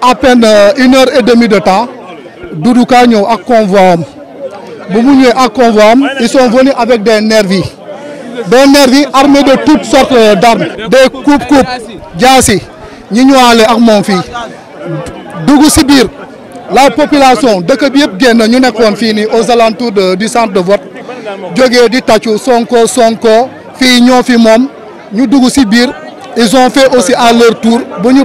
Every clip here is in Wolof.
à peine euh, une heure et demie de temps Doudou Ka ak convoi bu mu convoi ils sont venus avec des nervis des nervis armés de toutes sortes euh, d'armes des coupes coupe Ils ñi ñëwaale ak mon fils. Sibir. la population dès que yëpp nous ñu aux alentours du centre de vote jógee di Tachou Sonko Sonko Fignon ñoo fi ñu ils ont fait aussi à leur tour bu ñu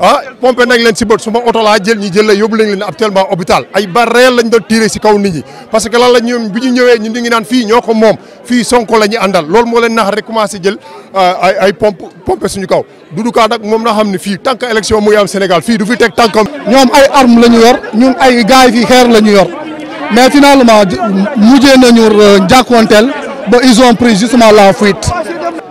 ah pompé nañ leen si bët su ma oto jël ñi jël yóbbu leen actuellement hôpital ay barreel lañ doon tiré si kaw nit ñi parce que lan la ñoom bi ñu ñëwee ñu ngi naan fii ñoo ko moom fii sonko la ñu àndal moo leen nax rek commencé jël ah, ay ay pompe suñu kaw Doudou Ka nag moom na xam ne fii tànk élection muy am Sénégal fii du fi teg tànkam ñoom ay arme la ñu yor ñun ay gars yi fii xeer yor mais finalement mujjee nañu euh, jàkkoonteel ba ils pris justement la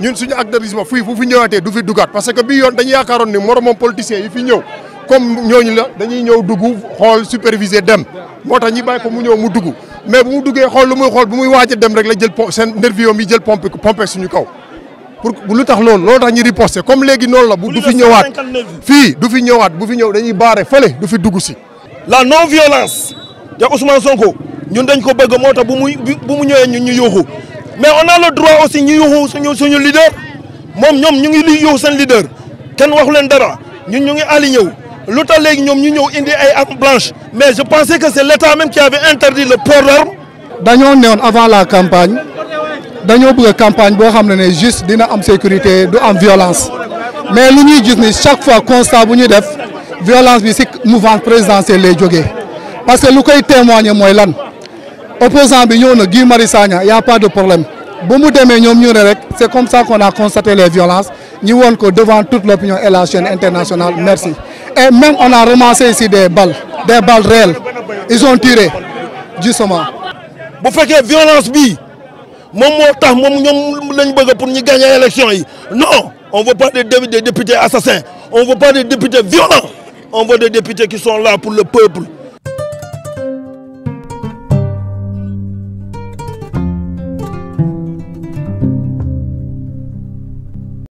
ñun suñu activisme fii fu fi ñëwaatee du fi dugaat parce que bii yoon dañu yaakaaroon ni moromam politiciens yi fi ñëw comme ñooñu la dañuy ñëw dugg xool supervisé dem moo tax ñi bàyyi ko mu ñëw mu dugg mais bu mu duggee xool lu muy xool bu muy waaj a dem rek la jël seen nervis yi jël pompe pompe suñu kaw. pour lu tax loolu loolu tax ñu riposté comme léegi noonu la bu du fi ñëwaat fii du fi ñëwaat bu fi ñëw dañuy baare fële du fi dugg si. la non violence. de Ousmane Sonko ñun dañ ko bëgg moo tax bu muy bu mu ñëwee ñun ñu yóoxu mais on a le droit aussi ñu yuuxu suñu leader moom ñoom ñu ngi li leader kenn waxu leen dara ñun ñu ngi aligné wu lu tax léegi ñoom ñu ñëw indi ay blanches mais je pensais que c'est l'état même qui avait interdit le port d'armes dañoo newoon avant la campagne pour la campagne pour xam ne juste dina am sécurité du violence mais lu ñuy gis ni chaque fois constat bu ñuy def violence bi ci mouvement présidentiel. les jógee parce que lu koy témoigner mooy lan opposant bi Guy Marissagna, il y' a pas de problème bu mu démé ñom ñu comme ça qu'on a constaté les violences Nous voulons que devant toute l'opinion et la chaîne internationale merci. et même on a ramassé ici des balles des balles réelles ils ont tiré justement. bu la violence bi violences, mo tax mom ñom lañ bëgg pour gagner non on ne veut pas des députés assassins on ne veut pas des députés violents on veut des députés qui sont là pour le peuple.